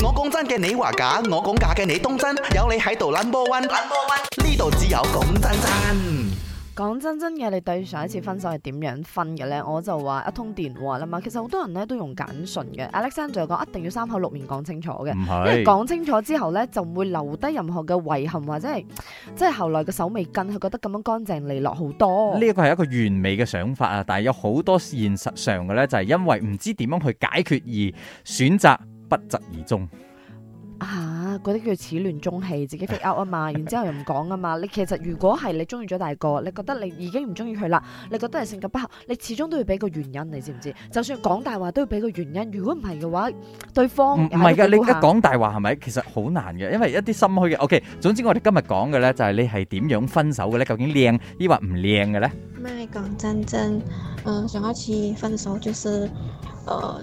我講真嘅，你話假；我講假嘅，你當真。有你喺度捻波溫，呢度 只有講真真。講真真嘅，你對上一次分手係點樣分嘅呢？我就話一通電話啦嘛。其實好多人咧都用簡訊嘅。Alexander 就講一定要三口六面講清楚嘅，因為講清楚之後呢，就唔會留低任何嘅遺憾或者係即係後來嘅手尾更係覺得咁樣乾淨利落好多。呢個係一個完美嘅想法啊！但係有好多現實上嘅呢，就係因為唔知點樣去解決而選擇。不疾而終吓、啊，嗰啲叫始亂終棄，自己 fit out 啊嘛，然之後又唔講啊嘛。 你其實如果係你中意咗大個，你覺得你已經唔中意佢啦,你覺得係性格不合，你始終都要俾個原因，你知唔知？就算講大話都要俾個原因。如果唔係嘅話，對方唔係噶，你一講大話係咪？其實好難嘅，因為一啲心虛嘅。O、okay, K，總之我哋今日講嘅咧，就係你係點樣分手嘅咧？究竟靚抑或唔靚嘅咧？咩講真真，嗯、呃，上一次分手就是，誒、呃。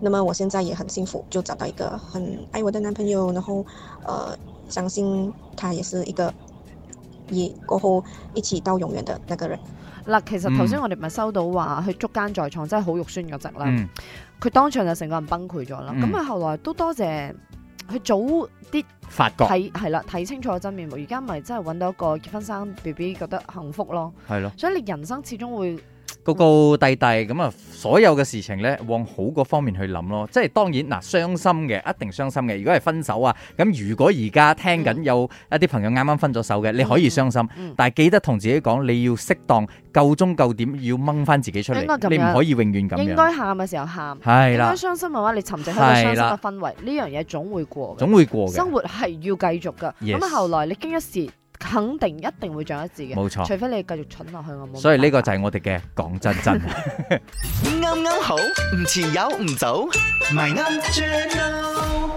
那麼我現在也很幸福，就找到一個很愛我的男朋友，然後，呃，相信他也是一個，以後一起到永遠的那個人。嗱、嗯，其實頭先我哋咪收到話佢捉奸在床，真係好肉酸嗰隻啦。佢、嗯、當場就成個人崩潰咗啦。咁、嗯、啊，後來都多謝佢早啲發覺，係啦，睇清楚的真面目。而家咪真係搵到一個結婚生 B B，覺得幸福咯。係咯。所以你人生始終會。高高低低咁啊，所有嘅事情呢，往好個方面去諗咯。即係當然嗱，傷心嘅一定傷心嘅。如果係分手啊，咁如果而家聽緊有一啲朋友啱啱分咗手嘅、嗯，你可以傷心，嗯嗯、但係記得同自己講，你要適當夠鐘夠點，要掹翻自己出嚟，你唔可以永遠咁樣。應該喊嘅時候喊。係啦。應該傷心嘅話，你沉浸喺個傷心嘅氛圍，呢樣嘢總會過。總會過嘅。生活係要繼續㗎。咁、yes. 後來你經一事。肯定一定會長一字嘅，冇錯。除非你繼續蠢落去，我冇。所以呢個就係我哋嘅講真真。啱啱好，唔遲有唔早，咪啱正路。